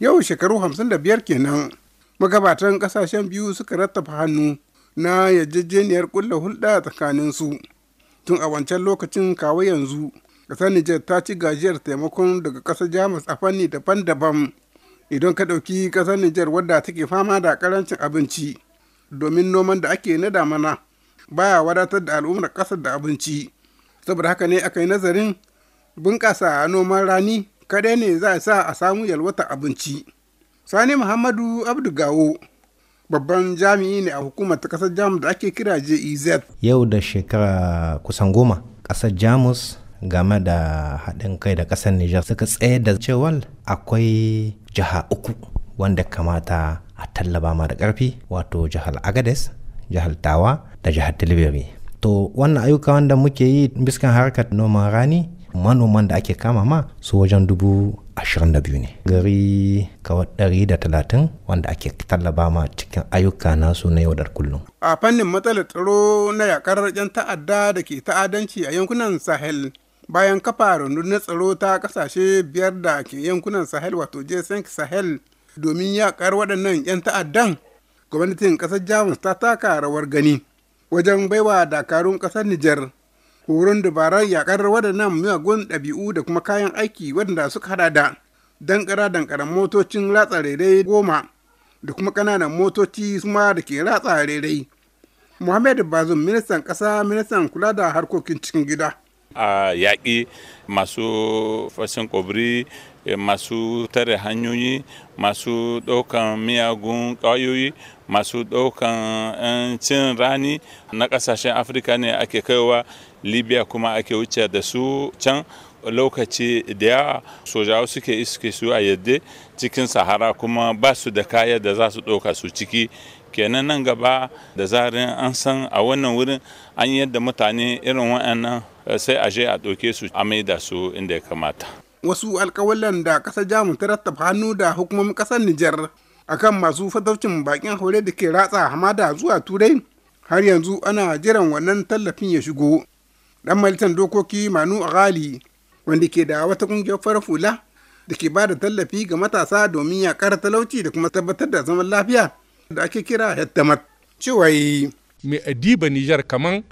yau shekaru hamsin da 55 kenan magabatan kasashen biyu suka rattafa hannu na yarjejeniyar kulla hulɗa tsakaninsu. tun a wancan lokacin kawai yanzu ƙasar Nijar ta ci gajiyar taimakon daga ƙasar Jamus a fanni daban-daban idan ka ɗauki ƙasar Nijar wadda take fama da ƙarancin abinci domin noman da ake na damana baya wadatar da al'ummar ƙasar da abinci saboda haka ne aka yi nazarin bunƙasa noman rani kadai ne za a sa a samu yalwata abinci sani muhammadu abdu babban jami'i ne a hukumar ta kasar jamus da ake kira jez yau da shekara kusan goma ƙasar jamus game da haɗin kai da ƙasar nijar suka tsaye da cewa akwai jiha uku wanda kamata a tallaba ma da ƙarfi wato jihar agades jihar tawa da jihar tilibiri to wannan ayyuka wanda muke yi biskan harkar noman rani manoman da ake kama ma su wajen dubu ashirin da biyu ne gari kawai ɗari da talatin wanda ake tallaba ma cikin ayyuka nasu na yau da kullum a fannin matsalar tsaro na yakar yan ta'adda da ke ta'adanci a yankunan sahel bayan kafa rundunar tsaro ta kasashe biyar da ke yankunan sahel wato jason sahel domin yakar waɗannan yan ta'addan gwamnatin ƙasar jamus ta taka rawar gani wajen baiwa dakarun ƙasar nijar horon dabarar yakar waɗannan miyagun ɗabi'u da kuma kayan aiki waɗanda suka hada da dankara dankaran motocin ratsa rairai goma da kuma ƙananan motoci suma da ke ratsa rairai muhammadu bazum ministan ƙasa ministan kula da harkokin cikin gida a yaƙi masu fashin kobri Eh, masu tare hanyoyi masu ɗaukan miyagun ƙwayoyi masu ɗaukan eh, cin rani na ƙasashen afirka ne ake kaiwa libya kuma ake wuce da su can lokaci da yawa sojawa suke iske su a yadda cikin sahara kuma ba su da kaya da za su ɗauka su ciki kenan nan gaba da zarin an san a wannan wurin an yadda mutane irin wa'annan eh, sai a je a ɗauke su a maida su inda ya kamata wasu alkawalan da ƙasar jamus ta rattaba hannu da hukumomin ƙasar nijar akan masu fatocin bakin haure da ke ratsa hamada zuwa turai har yanzu ana jiran wannan tallafin ya shigo dan malitan dokoki manu ghali wanda ke da wata kungiyar fara fula da ke ba da tallafi ga matasa domin ya kara talauci da kuma tabbatar da zaman lafiya da ake kira hettamat cewa mai adiba nijar kaman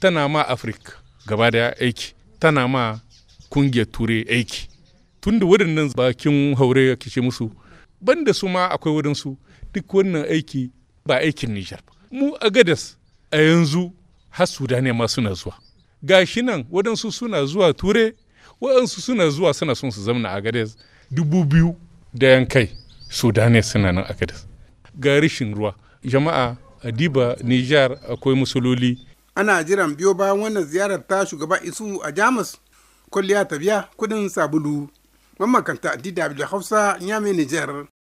tana ma afirka gaba da aiki tana ma kungiyar turai aiki tun da wurin nan bakin haure ake ce musu banda su ma akwai wurin su duk wannan aiki ba aikin Nijar mu a gadas a yanzu har Sudan ma suna zuwa gashi nan waɗansu suna zuwa ture waɗansu suna zuwa suna son su zamna a gadas dubu biyu da yankai Sudan suna nan a gadas ga rashin ruwa jama'a a Diba Nijar akwai musuloli ana jiran biyo bayan wannan ziyarar ta shugaba isu a jamus kwalliya ta biya kudin sabulu mamakanta kanta DW Hausa, Nyame Nijar.